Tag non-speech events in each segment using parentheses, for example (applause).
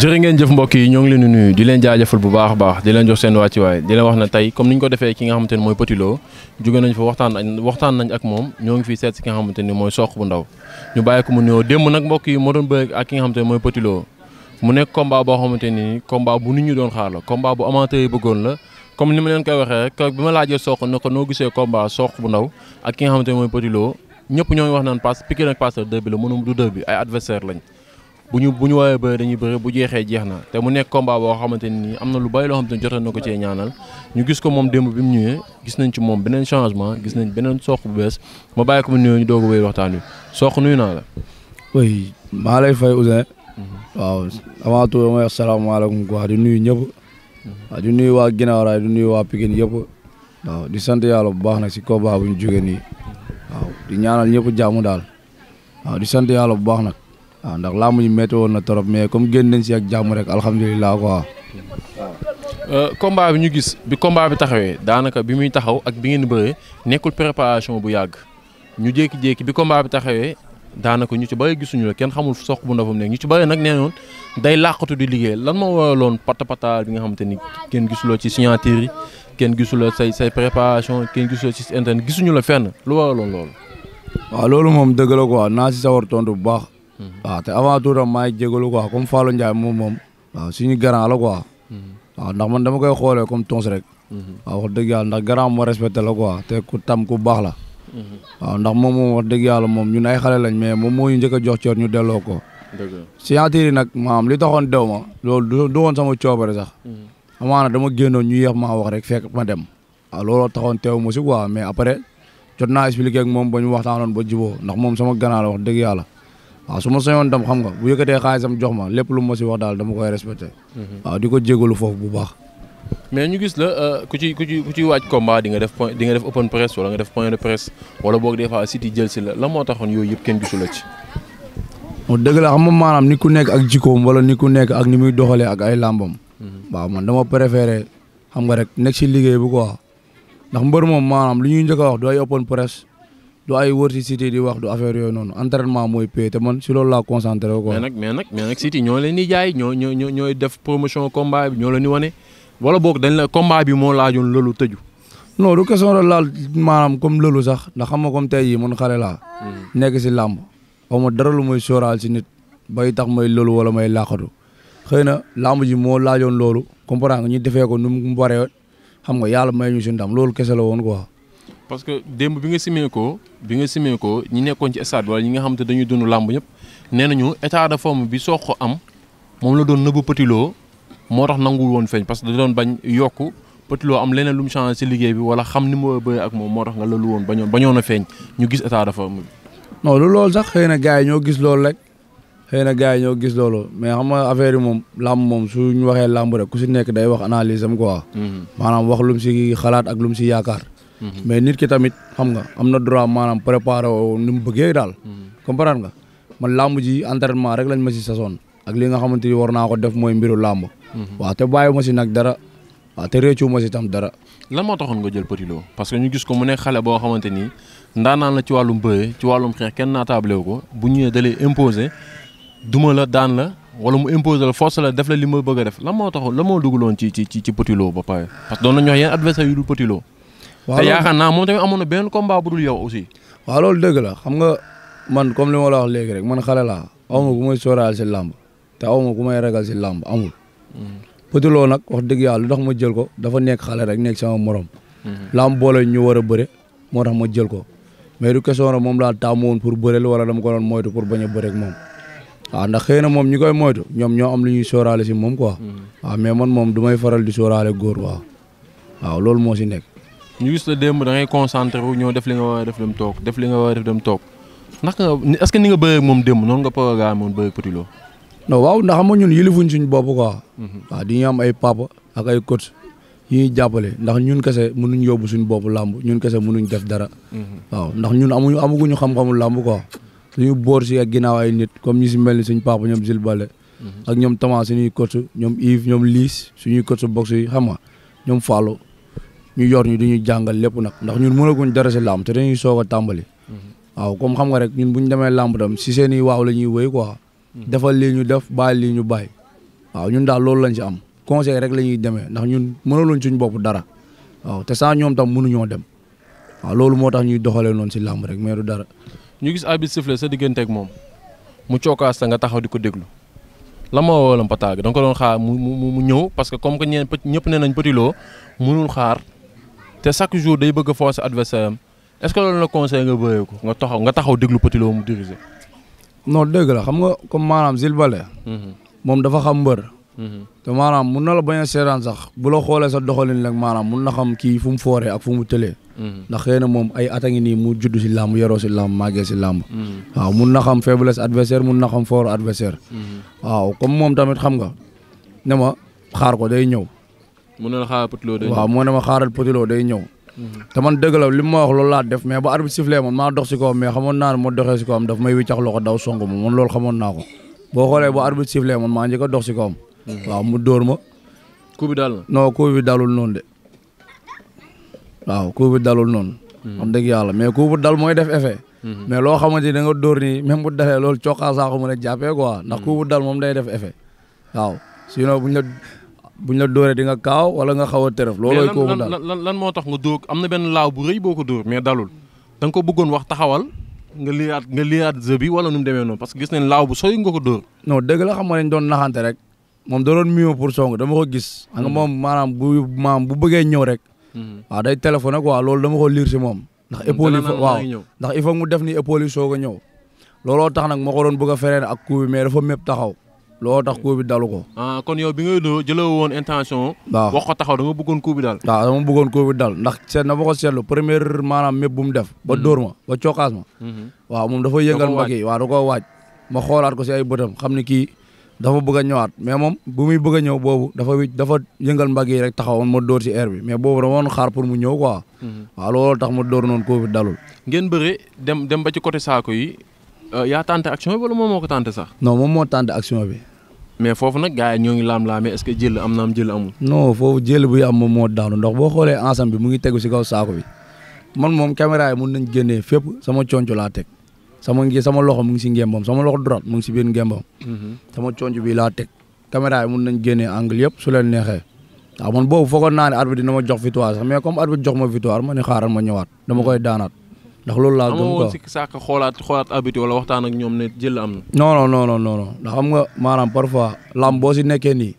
jëre ngeen jëf mbokk yi ñoo ngi leen di nuyu di leen jaajëfal bu baax a baax di leen jox seen wàccuwaay di leen wax na tey comme ni ñu ko defee ki nga xamante ni mooy Petit ñoo ngi fii seet si ki nga xamante bu ndaw ñu bàyyi mu nuyoo démb nag mbokk yi moo doon bëgg ak ki nga xamante ni mooy Petit mu nekk combat boo xamante ni combat bu nu ñu doon xaar la combat bu amateur yi bëggoon la comme ni ma leen koy waxee rek bi ma laajee Sokh ne ko noo gisee combat Sokh bu ndaw ak ki nga ñëpp ñoo ngi wax naan pass piqué bu ñu bu ñu woowee bëre dañuy bëre bu jeexee jeex na te mu nekk combat boo xamante ni am na lu bari loo xamante ni jotoon na ko cee ñaanal ñu gis ko moom démb bi mu ñëwee gis nañ ci moom beneen changement gis nañ beneen soq bu bees ma bàyyi ko mu nuyoo ñu doog a waxtaan wi soq nuyu naa la. oui maa lay fay Ouzin. Mhm. waaw avant tout damay wax salaamaaleykum quoi di nuyu ñëpp. Mhm. waaw nuyu waa Guinaw Rail di nuyu waa Pikine yëpp. waaw di sant yàlla bu baax nag si combat bu ñu jógee nii. waaw di daal. waaw di sant yàlla bu baax nag. waaw ndax làmb ñu metti woon na trop mais comme génn nañ si ak jàmm rek alhamdulilah quoi waaw. Euh, combat bi ñu gis bi combat bi taxawee daanaka bi muy taxaw ak bi ngeen bëree nekkul préparation bu yàgg ñu jékki-jékki bi combat bi taxawee daanaka ñu ci bëri gisuñu la kenn xamul soq bu ndafam nekk ñu ci bëri nag nee noon day làqatu di liggéey lan moo waraloon pata pataal bi nga xamante ni kenn gisuloo ci signature yi kenn gisuloo say say préparation kenn gisuloo ci internet gisuñu la fenn lu waraloon loolu. moom dëgg la bu baax. Mm-hmm. waaw te avant tout maa ngi jégalu quoi comme Fallou Ndiaye moom moom ñu suñu grand la ko mm-hmm. waaw ndax man dama koy xoolee comme tons rek. Mm-hmm. waaw wax dëgg yàlla ndax grand moo respecté la quoi te ku tam ku baax la. ndax moom moom wax dëgg yàlla moom ñun ay xale lañ mais moom moo ñu njëkk a jox cër ñu delloo ko. dëgg la signature yi nag maam li taxoon dew ma loolu du woon sama coobare sax. amaana dama génnoon ñu yéex maa wax rek fekk ma dem. waaw looloo taxoon teew ma si quoi mais après jot naa expliqué ak moom ba ñu waxtaanoon ba jubóo ndax moom sama grand la wax dëgg yàlla. waaw su ma sañoon tam xam nga bu yëkkatee xaalisam jox ma lépp lu ma si wax daal dama koy respecté. Mhm. waaw di ko jégalu foofu bu baax. mais ñu gis la euh, ku ci ku ku ci waaj combat di nga def point di nga def open press wala nga def point de presse wala boog jël si la la moo taxoon yooyu yëpp kenn gisu la ci. dëgg la xam nga maanaam ni ku nekk ak jikkoom wala ni ku nekk ak ni muy doxalee ak ay làmbam. Mhm. waaw man dama préféré xam nga rek nekk si liggéey bu ko wax ndax mbër moom maanaam lu ñuy njëkk wax du ay open du ay wër si di wax du affaire yooyu noonu entraînement mooy pay te man si loolu laa concentré ko. mais nag mais nag mais ñoo leen di jaay ñoo ñoo ñooy def promotion combat bi ñoo leen di wane wala book dañ la combat bi moo laajoon loolu tëju. non du question la laal maanaam comme loolu sax ndax xam nga comme tey jii man xale laa. Hmm. nekk si làmb xaw ma dara lu may sóoraal si nit bay tax may loolu wala may laaxatu xëy na làmb ji moo laajoon loolu comprendre nga ñu defee ko nu mu waree xam nga yàlla may ñu si ndam loolu kese la woon quoi. parce que démb bi nga simee ko nga simee ñi nekkoon ci stade wala ñi nga xam te dañuy dund làmb ñëpp nee nañu état de forme bi soo ko am moom la doon nëbb Petit moo tax nangu woon feeñ parce que da bañ yokku Petit Lo am leneen lu mu changé ci liggéey bi wala xam ni mu bëri ak moom moo tax nga loolu woon bañoon bañoon a feeñ ñu gis état de forme bi. non lu loolu sax xëy na gars yi ñoo gis loolu rek xëy na gars ñoo gis loolu mais xam nga yi moom làmb moom suñu waxee làmb rek ku si nekk day wax analyse am quoi. Mhm. maanaam wax lu mu si xalaat ak lu mu si yaakaar. mais nit ki tamit xam nga am na droit maanaam préparé woo ni mu bëggee daal. comprendre nga man làmb ji entraînement rek lañ ma si sasoon ak li nga xamante ni war naa ko def mooy mbiru làmb. waaw te bàyyi ma si nag dara waaw te réccu ma si tam dara. la moo taxoon nga jël Petit Lo parce que ñu gis ko mu ne xale boo xamante ni ndaanaan la ci wàllum bëre ci wàllum xeex kenn naataable wu ko bu ñëwee dalee imposer duma la daan la. wala mu imposer la force la la li ma bëgg ci ci ci Petit Lo ba pare parce te yaakaar naa moom tamit amoon na benn combat bu dul yow aussi. loolu dëgg la xam nga man comme li ma la wax léegi rek man xale laa aw ma ku may sóoraal si làmb te aw ma ku may ragal si làmb amul. Mm-hmm. Petit Lo nag wax dëgg yàlla lu tax ma jël ko dafa nekk xale rek nekk sama morom. Mm-hmm. lamb boole ñu war a bëre moo tax ma jël ko mais du question rek moom laa taamu woon pour bëreel wala dama ko doon moytu pour bañ a bëre ak moom. waaw ndax xëy na moom ñi koy moytu ñoom ñoo am lu ñuy sóoraale si moom ko mm-hmm. waaw mais man moom du may faral di sóoraale góor waaw. waaw loolu moo si nekk. ñu gis la démb da ngay concentré wu ñëw def li nga war a def dem toog def li nga war dem toog ndax nga est-ce que ni nga bëree moom démb noonu nga programme woon bëree Petit Lo. non waaw ndax xam nga ñun yilifuñ suñ bopp quoi. Mhm. am ay papa ak ay coach yi ñuy jàppale ndax ñun kese mënuñ yóbbu suñu bopp làmb ñun kese mënuñ def dara. Mhm. waaw ndax ñun gu ñu xam-xamu làmb quoi suñu boor si ak ginnaaw ay nit comme ñu si mel ni suñ papa ñoom Zilbale. Mhm. ak ñoom Thomas suñuy coach ñoom Yves ñoom Lise suñuy coach box yi xam nga ñoom Fallou ñu yor ñu di ñu jàngal lépp nag ndax ñun mënaguñ dara si làmb te dañuy soog a tàmbali. waaw comme xam nga rek ñun bu ñu demee làmb tam si seen i waaw la ñuy wéy quoi. defal lii ñu def bàyyi lii ñu bàyyi. waaw ñun daal loolu lañ si am conseil rek la ñuy demee ndax ñun mënaluñ suñ bopp dara waaw te sans ñoom tam mënuñoo dem waaw loolu moo tax ñuy doxalee noonu si làmb rek mais du dara. ñu gis arbitre sifflé sa digganteeg moom mu cookaas nga taxaw di ko déglu. la ma woo la mpataag da nga ko doon xaar mu mu mu parce que comme que ñeen ñëpp nee nañ Petit Lo mënul xaar te chaque jour day bëgg a forcer adversaire am est la conseil nga bëree ko nga taxaw nga taxaw déglu Petit Lo mu diriger. non la xam nga comme maanaam Jules mhm. moom dafa xam mbër. Mhm. te maanaam na la bañ a sax bu la xoolee sa doxalin rek maanaam mun na xam kii fu mu fooree ak fu mu tëlee. Mhm. ndax xëy na moom ay at mu judd si làmb yoroo si làmb màggee si làmb. mun na xam faiblesse adversaire mun na xam fort adversaire. waaw comme moom tamit xam nga ne ma xaar ko day ñëw. mu ne la xaaral potiloo day ñëw waaw mm-hmm. man dëgg la li ma wax loolu laa def mais ba arbitre sifflé man maa dox si kawam mais xamoon naa ne moo doxee si kawam daf may wiccax loxo daw song ma man loolu xamoon naa ko boo xoolee ba arbitre sifflé man maa njëkk a dox si kawam. Mm-hmm. waaw mu door ma. coup bi daal na non coup bi de waaw coup bi dalul noonu. am mm-hmm. dëgg yàlla mais coup bu dal mooy def effet. mais loo xamante ni da nga dóor nii même bu dalee loolu cokkaas saako mën a jàppee quoi ndax dal moom day def effet waaw sinon buñ la. bu buñ la dooree di nga kaaw wala nga xaw a tërëf. loolooy kooku daal lan lan moo tax nga dóor am na benn laaw bu rëy boo ko dóor mais dalul da nga ko bëggoon wax taxawal nga liyaat nga liyaat jeu bi wala nu mu demee noonu parce que gis nañ laaw bu sooy nga ko dóor. non dëgg la xam nga dañ doon naxante rek moom da doon mieux pour song dama ko gis. xam nga moom maam bu bëggee ñëw rek. Hmm. waaw day ko quoi loolu dama ko liir si moom. ndax hmm, épaule yi waaw ndax il faut mu def ni épaule soog a ñëw looloo tax nag moo ko doon bëgg a feree ak coup bi mais dafa mépp taxaw looloo tax coup bi dalu ko. Ah, kon yow bi ngay doo jëloo woon intention. waaw wax ko taxaw da nga bëggoon coup bi daal waaw dama bëggoon coup bi dal ndax seet na ma ko seetlu première maanaam méb bu mu def. ba mhm. dóor ma ba cokkaas ma. Mhm. waaw moom dafa yëngal ma kii waaw da koo waaj. ma xoolaat ko si ay bëtam xam ni kii dafa bëgg a mais moom bu muy bëgg a boobu dafa dafa yëngal mbagg yi rek taxawoon ma dóor si air bi mais boobu dama doon xaar pour mu ñëw quoi. Mhm. waaw loolu tax ma dóor noonu koo fi dalul. ngeen bëre dem dem ba ci côté saako yi euh, yaa tànte action bi wala moom moo ko sax. non moom moo tànte action bi mais foofu nag gars yi ñoo ngi laam-laame est-ce jël am na am jël amul. non foofu jël buy am moom moo daanu ndax boo xoolee ensemble bi mu ngi tegu si kaw saako bi man moom caméra mun nañ génnee fépp sama conco laa teg sama ngi sama loxo mu ngi si ngembam sama loxo droite mu ngi si biir ngembam. Mhm. sama conco bi laa teg caméra yi mun nañ génnee angle yëpp su leen neexee. waaw man boobu foogoon naa ne dina ma jox victoire sax mais comme arbitre jox ma victoire ma ne xaaral ma ñëwaat dama koy daanaat. ndax loolu laa gëm quoi sikk sàkk xoolaat xoolaat habitude wala waxtaan ak ñoom ne jël am na. non non non non non ndax xam nga maanaam parfois lamb boo si nekkee nii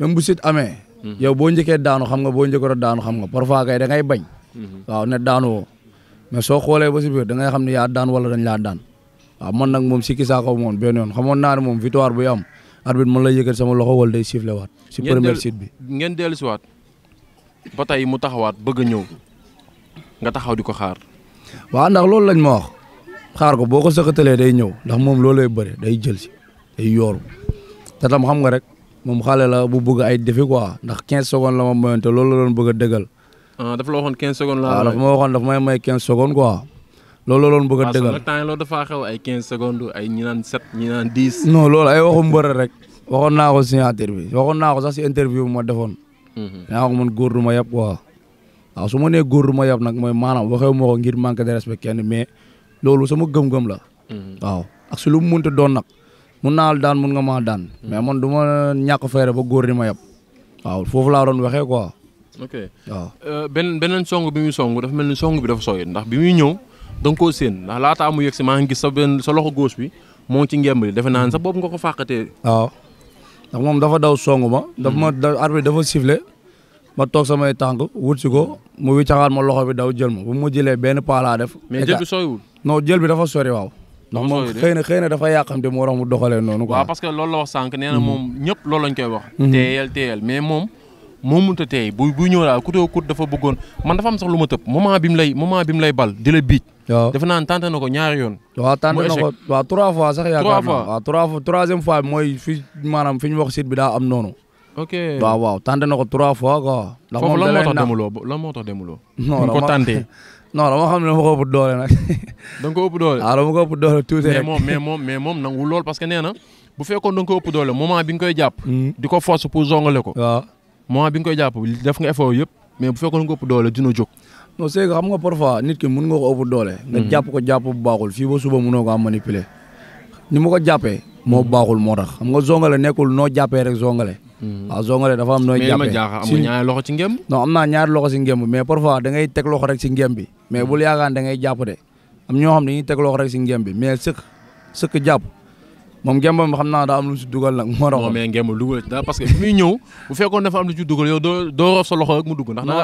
même bu sit amee. Hmm. yow boo njëkkee daanu xam nga boo njëkkoon daanu xam nga parfois kay da ngay bañ. Hmm. waaw ne daanu woo mais soo xoolee ba si biir da ngay xam ne yaa daan wala dañ laa daan waaw man nag moom sikki saako moom benn yoon xamoon naa ne moom victoire bu am arbitre mën la yëkkat sama loxo wala day sifflé waat. si première site bi ngeen dellusiwaat ba tey mu taxawaat bëgg a ñëw nga taxaw di ko xaar waaw ndax loolu lañ ma wax xaar ko boo ko sëkkatalee day ñëw ndax moom lool lay bëri day jël si day yooru te tam xam nga rek moom xale la bu bëgg ay defi quoi ndax 15 secondes la ma moyante loolu la doon bëgg a dëggal. ah dafa la waxoon 15 secondes. ma waxoon dafa may a dëggal temps loolu dafa xew ay 15 secondes ay ñi naan 7 ñi naan 10. non loolu ay rek. waxoon naa ko bi waxoon sax si interview bi ma defoon. Mhm. yaa ngi ko mën góor du ma yab quoi. waaw su ma nee góor du ma yab nag mooy maanaam waxee moo ko ngir manque de respect kenn mais loolu sama gëm-gëm la. Mhm. waaw ak su lu mu mënti doon nag mun naa daan mun nga maa daan. Mhm. mais man du ma ñàkk feere ba góor di ma yab. waaw foofu laa doon waxee quoi. ok euh, benn beneen song bi muy song dafa mel ni song bi dafa sooy ndax bi muy ñëw da nga séen ndax laataa mu yegg si maa ngi gis sa benn sa loxo gauche bi moo ci ngemb li defe naa ne sa bopp nga ko fàqatee. waaw ndax moom dafa daw song ma. Mhm. dafa ma dafa sifflé. ma toog samay tànk wut si ko mu wiccaxaat ma loxo bi daw jël ma bu mu jëlee benn paalaa def. mais jël bi soriwul. non jël bi dafa sori waaw. ndax na xëy na dafa yàqamte moo tax mu doxalee noonu. quoi waaw parce que loolu la wax sànq nee mhm. moom ñëpp loolu lañ koy wax. Mhm. teeyal teeyal mais moom moo mënut a teey bu bu ñëw daal kutoo kut dafa bëggoon man dafa am sax lu ma tëb moment bi mu lay moment bi mu lay bal di la biij. waaw defe naa tenté na ko ñaari yoon. waaw tenté na ko waaw trois fois sax yaakaar naa. trois fois waaw mooy fi maanaam fi ñu wax site bi daa am noonu ok waaw waaw tenté na ko trois fois quoi. ndax moom lan moo tax demuloo la moo tax demuloo. non ko tenté. (laughs) non dama xam ne dama ko ëpp doole nag. (laughs) da ëpp doole waaw ah, moom mais moom mais moom nangu lool parce que nee na bu fekkoon da nga ko ëpp doole moment bi nga hmm. di ko force pour zongale ko. waaw moment bi koy jàpp def nga effort yëpp mais bu fekkoon da nga ko ëpp doole dina jóg. non c'est que xam nga parfois nit ki mun nga ko ëpp doole. nga hmm. jàpp ko jàpp bu baaxul fii ba suba munoo ko am manipuler. ni ma ko jàppee moo baaxul moo tax xam nga zongale nekkul noo jàppee rek zongale. Hmm. waaw zongale dafa am nooy. jàppee mais li ma jaaxal amul ñaari loxo ci ngemb. non am naa ñaari loxo ci ngemb mais parfois da ngay teg loxo rek ci ngemb bi mais bul hmm. yaakaar da ngay jàpp de am ñoo xam bi mais sëkk sëkk jàpp moom ngembam xam naa daa am lu ci dugal nag moo tax. non mais ngemb dugal daal parce que bi muy ñëw bu fekkoon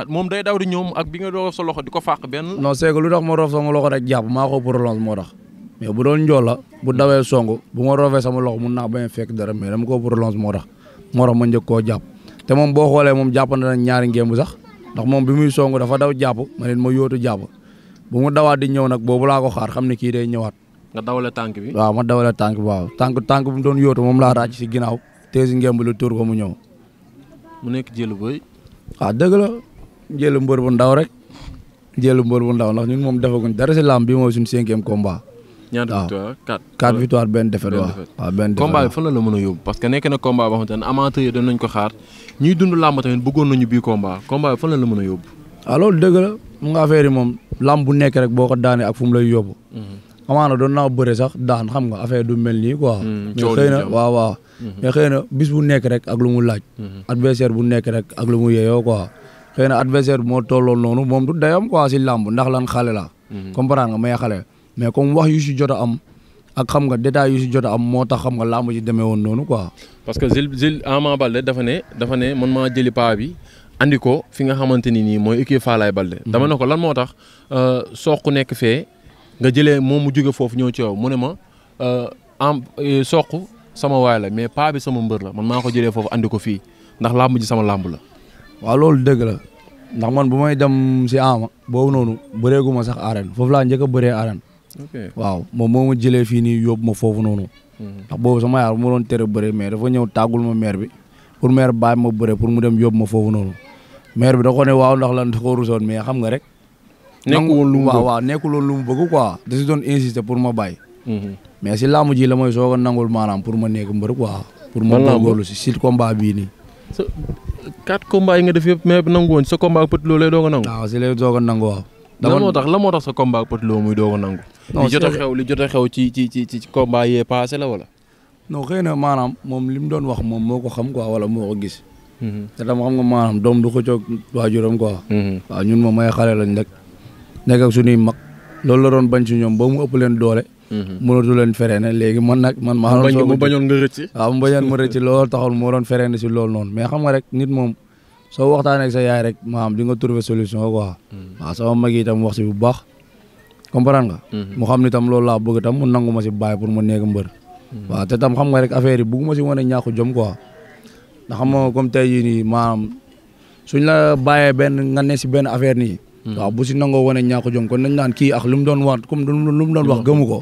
moom day daw di ñëw ak bi nga ko fàq benn. non c'est que lu tax ma roof sama loxo rek jàpp mais bu doon njool la bu dawee song bu ma roofee sama loxo mun naa bañ a fekk dara mais dama koo prolonge moo tax moo tax ma njëkk koo jàpp te moom boo xoolee moom jàpp na ñaari ngéem bu sax ndax moom bi muy song dafa daw jàpp ma leen ma yóotu jàpp bu mu dawaat di ñëw nag boobu laa ko xaar xam ne kii day ñëwaat. nga dawale tànk bi. waaw ma dawale tànk bi waaw tànk tànk bu mu doon yootu moom laa ràcc si ginnaaw teesi ngéem lu tuur ko mu ñëw. mu nekk jëlu boy. waaw ah, dëgg la jëlu mbër bu ndaw rek jëlu mbër bu ndaw ndax ñun moom defaguñ dara si làmb bi mooy suñu cinquième combat ñaata victoire 4 4 benn défaite waaw waaw benn défaite la la mën a yóbbu parce que nekk na combat boo xamante ne amateur yi ko xaar ñuy dund làmb tamit bëggoon nañu bii combat combat bi la la mën a yóbbu waaw ah, loolu dëgg nga affaire moom làmb bu nekk rek boo ko daanee ak fu mu lay yóbbu mm-hmm. amaana doon naa bëre sax daan xam nga affaire du mel nii quoi mm-hmm. mm-hmm. mais xëy na waaw waaw na bis bu nekk rek ak lu mu laaj adversaire bu nekk rek ak lu mu yeyoo quoi xëy na adversaire bi moo tolloon noonu moom du dayam quoi si làmb ndax lan xale la comprendre nga may mais comme wax yu si jot a am ak xam nga détails yu si jot am moo tax xam nga làmb ji demee woon noonu ko parce que Zil Zil Ama Balde dafa ne dafa ne man maa jëli paa bi andi ko fi nga xamante ni nii mooy équipe Faalaye Balde. Mhm. dama ne ko lan moo tax euh, soq nekk fee nga jëlee moom mu jóge foofu ñëw ci yow mu ne ma euh, am euh, soq sama waay mais paa bi sama mbër la man maa ko jëlee foofu andi ko fii ndax làmb ji sama làmb la. waaw loolu dëgg la ndax man bu may dem si Ama boobu noonu bëreeguma sax arène foofu laa njëkk a bëree arène waaw moom moo ma jëlee fii nii yóbbu ma foofu noonu mhm. ndax boobu sama yaar bu ma doon tere bëre mais dafa ñëw tàggul ma maire bi pour maire bàyyi ma bëre pour mu dem yóbbu ma foofu noonu maire bi da ko waaw ndax lan da ko rusoon mais xam nga rek nekkul woon lu mu bëgg waaw lu mu bëgg quoi da si doon insister pour ma bàyyi mhm. mais si laamu ji la mooy soog a nangul maanaam pour ma nekk mbër quoi pour ma góorgóorlu si si combat bii nii sa quatre combats yi nga def yëpp mais nangu a nangu waaw si tax lan moo tax sa combat ak Petit Lo muy doog non li jot a xew li jot a xew ci ci ci ci combat yee passé la wala. non xëy na maanaam moom li mu doon wax moom moo ko xam quoi wala moo ko gis. Mhm. te dama xam nga maanaam doom du ko coog waajuram quoi. Mhm. waaw ñun moom ay xale lañ rek nekk ak suñuy mag loolu la doon bañ ci ñoom ba mu ëpp leen doole. Mhm. mënatu leen freiné léegi man nag man. maa doon soog mu bañoon nga rëcc. (laughs) waaw mu bañoon mu rëcc loolu taxul moo doon freiné si loolu noonu mais xam nga rek nit moom soo waxtaanee ak sa yaay rek maanaam di nga trouver solution quoi. waaw sama mag yi itam wax si bu baax. comprendre nga. Mhm. mu xam ni tam loo laa bëgg tam mu nangu ma si bàyyi pour ma nekk mbër. Mhm. waaw te tam xam nga rek si wane ñàkk jom quoi ndax xam nga comme tey jii nii maanaam suñ la bàyyee benn nga ne si benn affaire ni mhm. waaw bu si nangoo wane ñàkk jom kon nañ naan kii ak lu mu doon wax comme lu mu doon wax gëmu ko.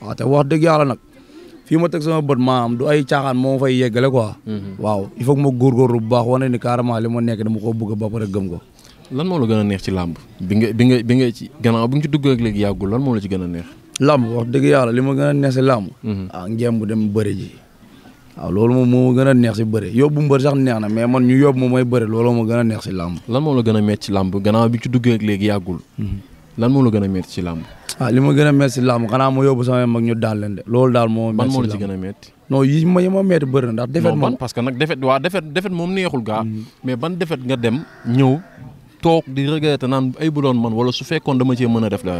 waaw te wax dëgg yàlla nag fii ma teg sama bët maanaam du ay caaxaan moo fay yeggale ko waaw i faut que ma góorgóorlu bu baax wane ni carrément li ma nekk dama ko bëgg ba pare gëm ko. lan moo la gën a neex ci làmb bi nga bi nga bi nga ci gannaaw bi nga lan moo la ci gën a neex. làmb yàlla li ma gën a neex si làmb. Mhm. ah bëri loolu moom moo ma gën a neex si bëri yóbbu mbër sax neex na mais man ñu yóbbu moom mooy bëri loolu ma neex si làmb. la gën a métti ci làmb gannaaw bi nga ci dugg ak léegi yàggul. Mhm. lan moo la gën a métti ah, ma gën a métti si làmb xanaa ma yóbbu daal leen de loolu daal moo. métti moo la ci non yi ma metti bëri na ndax defet parce que nag defet waa defet defet moom neexul gaa mhm. mais ban defet nga dem ñëw toog di regretter naan ay bu doon man wala su fekkoon dama cee mën a def la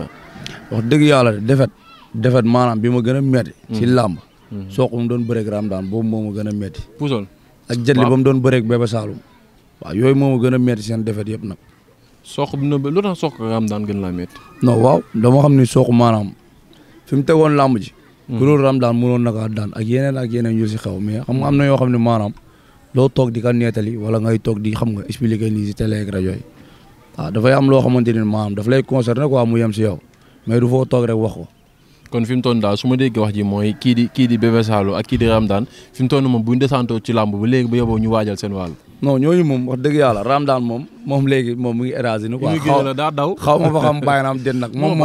wax dëgg yàlla defet defet maanaam bi ma gën a metti hmm. ci làmb hmm. soq mu doon bëreeg Ramadaan boobu moo ma gën a metti puusal ak jëtli ba mu doon bëreeg Bébé Saloum waaw yooyu moo ma gën a metti seen defet yëpp nag soq bi na lu tax soq daan gën laa metti non waaw dama xam ni soq maanaam fi mu tegoon làmb ji hmm. ku loolu Ramadaan mënoon nakaa daan ak yeneen ak yeneen yu si xew mais xam nga am na yoo xam ne maanaam loo toog di ka neetali wala ngay toog di xam nga expliquer lii si télé ak rajo yi waaw ah, dafay am loo xamante ni maam daf lay concerné quoi mu yem si yow mais du foo toog rek wax ko. kon fi mu toll daal su ma dégg wax ji mooy kii di kii di Bébé Saloum ak kii di Ramdan fi mu toll moom bu ñu desantoo ci làmb ba léegi ba yóbboo ñu waajal seen wàll. non ñooñu moom wax dëgg yàlla Ramdan moom moom léegi moom mu ngi érasé ni quoi xaw ma fa xam bàyyi moom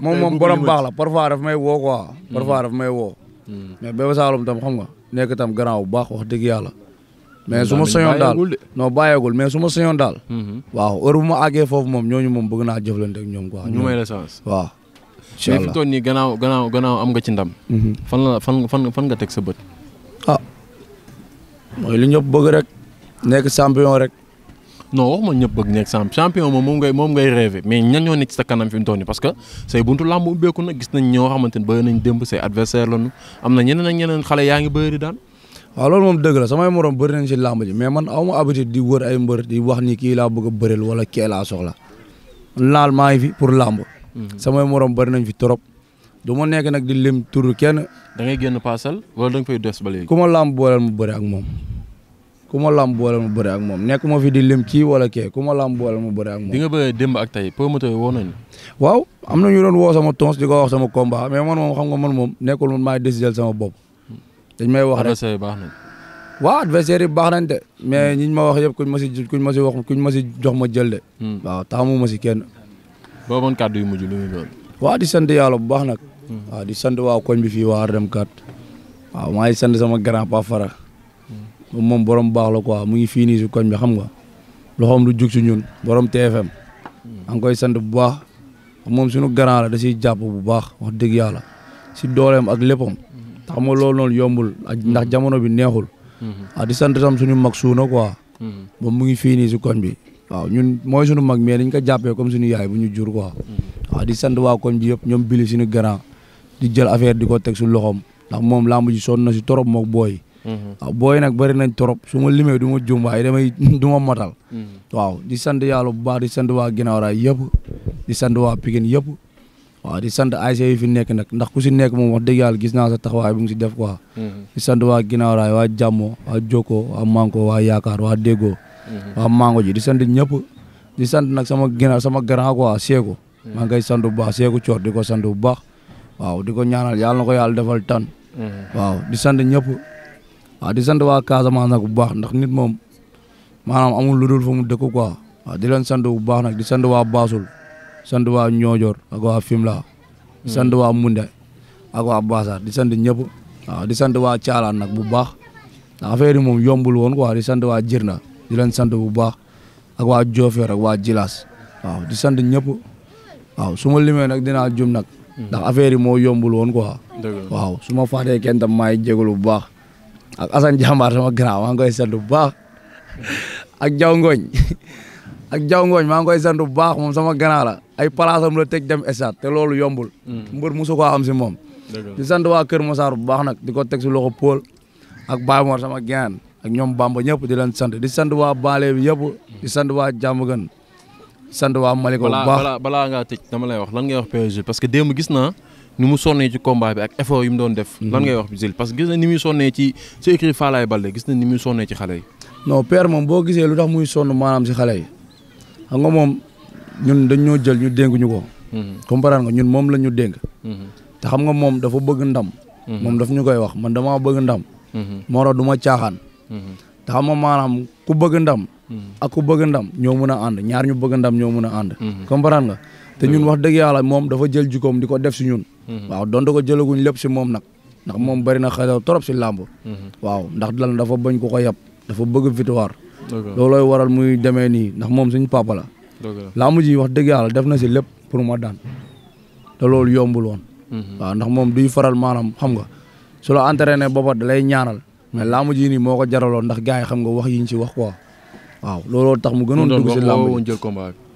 moom moom baax la parfois daf may woo quoi hmm. parfois daf may woo hmm. mais Bébé tam xam nga nekk tam grand bu baax wax dëgg yàlla mais su ma sañoon daal non bàyyeegul mais ma sañoon daal. waaw heure bu ma àggee foofu moom ñooñu moom bëgg naa jëflante ak ñoom quoi. ñu may la chance waaw. incha allah mais fi toon nii am nga ci ndam. Mhm. fan la fan fan nga teg sa bët. ah mooy li ñëpp bëgg rek nekk champion rek. non waxuma ñëpp bëgg nekk champion moom moom ngay moom mais ñan nekk sa kanam fi mu toll parce que say buntu làmb ubbeeku na gis nañ ñoo xamante ne bëri nañ démb say adversaire lañu am na ñeneen ak ñeneen xale yaa ngi bëri daan waaw moom dëgg la samay morom bëri nañ si làmb ji mais man aw ma habitude di wër ay mbër di wax ni kii laa bëgg a bëreel wala kee laa soxla laal maa ngi fi pour làmb mhm. samay morom bëri nañ fi trop du ma nekk nag di lim tur kenn da ngay génn paasal wala da nga ku ma làmb booleel mu bëri ak moom ku ma làmb booleel mu bëri ak moom nekk ma fi di lim kii wala kee ku ma làmb booleel mu bëri ak moom di nga bëree démb ak tey promoteur woo nañu waaw am na ñu doon woo sama tons di ko wax sama combat mais man moom xam nga man moom nekkul man maay décider sama dañ may wax rek adversaire baax nañ. waaw adversaire yi baax nañ de mais ñiñ ñu ma wax yëpp kuñ ma si kuñ ma si wax kuñ ma si jox ma jël de. Hmm. waaw taamu ma si kenn. boo mën kàddu yu mujj lu muy doon. waaw di sant yàlla bu baax nag. Hmm. di sant waa koñ bi fii waa Ardem 4. waaw maa ngi sant sama grand pa Fara. Hmm. moom borom baax la ko mu ngi fii nii si koñ bi xam nga. loxoom du jug si ñun borom TFM. maa ngi koy sant bu baax. moom suñu grand la da siy jàpp bu baax wax dëgg yàlla si doolem ak léppam. xam nga loolu noonu yombul ndax jamono bi neexul. Mm-hmm. a ah, di sant tam suñu mag suuna quoi. Mm-hmm. moom mu ngi fii nii si koñ bi. waaw ñun mooy suñu mag mais dañ ko jàppee comme suñu yaay bu ñu jur quoi. waaw mm-hmm. ah, di sant waa koñ yëpp ñoom bili suñu grand. di jël affaire di ko teg su loxoom ndax moom làmb ji sonn na si torop mook booy. a ah, booy nag bëri nañ torop su ma limee du ma jum waaye damay (laughs) du ma matal. waaw di sant yàlla bu di sant waa ginnaaw raay yëpp. di sant waa Pikine yëpp. waaw di sant ASC e yi fi nekk nag ndax ku si nekk moom wax dëgg yàlla gis naa sa taxawaay bu ngi si def quoi. Mhm. di sant waa ginnaaw raay waa jàmmo waa jokkoo waa manko waa yaakaar waa déggoo. Mhm. waa mango ji di sant ñëpp. di sant nag sama ginnaaw sama grand quoi Seeku. Mhm. maa ngi koy sant bu baax Coor di ko sant bu baax. waaw di ko ñaanal yàlla na ko yàlla defal tan waaw di sant ñëpp. waaw di sant waa Casamance nag bu baax ndax nit moom maanaam amul lu dul dëkk quoi. waaw di sant bu sant waa Ñoojoor ak waa Fimela sant waa Munde ak waa di sant ñëpp waaw di sant waa Caalaan nag bu baax affaire yi moom yombul woon quoi di sant waa Jirna di leen sant bu baax ak waa Diofior ak waa Jilas waaw di sant ñëpp waaw su ma limee nag dinaa jum nag ndax affaire yi moo yombul woon quoi waaw su ma fàttee kenn tam maa ngi bu baax ak Assane Jambaar sama grand maa ngi koy bu baax ak Jaw Ngooñ (laughs) ak Jaw Ngooñ maa ngi koy sant bu baax moom sama grand la ay palaasam la teg dem stade te loolu yombul. Hmm. mbër mosu koo am si moom. di sant waa Kër Massar bu baax nag di ko teg si loxo Paul ak Baye Mor sama gaan ak ñoom Bamba ñëpp di leen sant di sant waa Baale bi yëpp di sant waa Diamaguène sant waa Malika bu baax balaa balaa ngaa tëj dama lay wax lan ngay wax PSG parce que démb gis naa ni mu sonnee ci combat bi ak effort yu mu doon def. Hmm. lan ngay wax Jules parce que gis na ni muy sonnee ci sa écrit Falaye Baldé gis na ni muy sonnee ci xale moom boo gisee lu tax muy sonn si xale ñun dañ ñoo jël ñu dénk ñu ko. Mhm. comprendre nga ñun moom la ñu dénk. Mhm. te xam nga moom dafa bëgg ndam. Mhm. moom daf ñu koy wax man dama bëgg ndam. moo tax caaxaan. te xam maanaam ku bëgg ndam. ak ku bëgg ndam ñoo mën a ànd ñaar ñu bëgg ndam ñoo mën a ànd. comprendre nga te ñun wax dëgg yàlla moom dafa jël jikoom di ko def si ñun. waaw donte ko jëlaguñ lépp si moom nag ndax moom bari na xel trop si làmb. waaw ndax lan dafa bañ ko ko yab dafa bëgg victoire. loolooy waral muy demee nii ndax moom suñu papa la. làmb ji wax dëgg yàlla def na si lépp pour ma daan te loolu yombul woon. Mhm. waaw ndax moom duy faral maanaam xam nga su la entraîné booba da lay ñaanal. Mhm. mais làmb ji nii moo ko jaraloon ndax gars yi xam nga wax yi ñu si wax quoi. waaw looloo tax mu gënoon dugg si làmb ji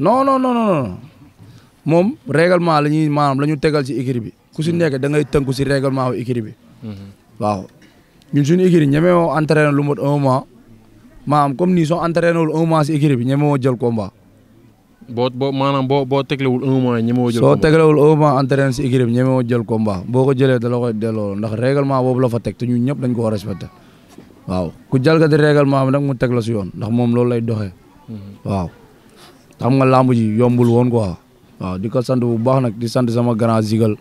non non non non moom règlement la ñuy maanaam la ñu tegal si écurie bi ku si mhm. nekk da ngay tënku si règlement wu bi. waaw ñun suñu écurie ñemewoo entraîné lu mot mois maanaam comme nii soo entraîné wul un mois si écurie bi jël combat. boo boo maanaam boo boo teglewul un mois ñemewoo jël soo teglewul un mois entraîné si équipe ñemewoo jël combat boo ko jëlee da la koy delloo ndax règlement boobu la fa teg te ñun ñëpp dañ ko war respecté waaw ku jalgati règlement bi nag mu teg la si yoon ndax moom loolu lay doxee mhm. waaw xam nga làmb ji yombul woon ko waaw di ko sant bu baax nag di sant sama grand zigal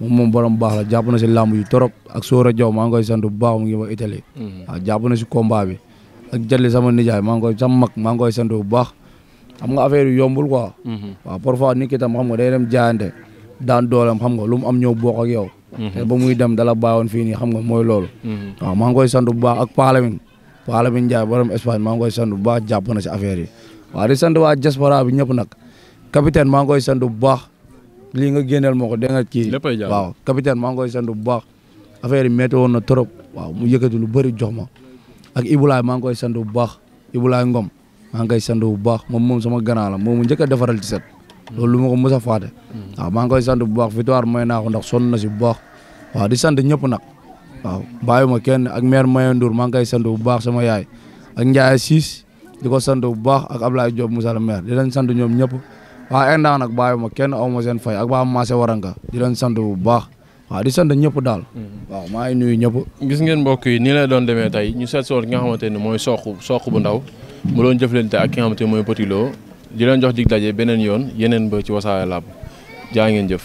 moom moom borom baax la jàpp na si làmb ji torop ak Soora Jaw maa ngi koy sant bu baax mu ngi ma Italie mhm. waaw jàpp na si combat bi ak Jalli sama nijaay maa ngi koy sama maa ngi koy bu baax xam nga affaire yu yombul ko mhm. waaw parfois nit ki tam xam nga day dem jaayante daan dooleem xam nga lu mu am ñëw bokk ak yow. Mhm. te ba muy dem dala bàyyoon fii nii xam nga mooy loolu. Mhm. waaw maa ngi koy sant bu baax ak Paalamin Paalamin Njaay borom Espagne maa ngi koy sant bu baax jàpp na si affaire yi. waaw di sant waa diaspora bi ñëpp nag capitaine maa ngi koy sant bu baax lii nga génneel moo ko dégg kii. léppay jàpp maa ngi koy sant bu baax affaire yi métti woon na trop. waaw mu yëkkati lu bëri jox ma ak Ibulaay maa ngi koy sant bu baax Ibulaay Ngom. maa ngi koy bu baax moom moom sama gannaaw la moom mu njëkk a defaral ci set loolu lu ma ko mës maa ngi koy sant bu baax victoire may naa ko ndax sonn na bu baax waaw di sant ñëpp nag waaw bàyyiwuma kenn ak maire Mayandour maa ngi koy sant bu baax sama yaay ak Ndiaye Ciss di ko sant bu baax ak Ablaye Diop Moussa le maire di leen sant ñoom ñëpp waa Enda nag bàyyiwuma kenn aw ma seen fay ak waa Massé Waranka di leen sant bu baax waaw di sant ñëpp daal. waa maa ngi nuyu ñëpp. gis ngeen mbokk yi nii la doon demee tey ñu seet soor nga xamante ne mooy Sokh Sokh bu ndaw mu doon jëflante ak ki nga xamante mooy Petit Lo jox dig daje beneen yoon yeneen ba ci Wassare Lamb jaa ngeen jëf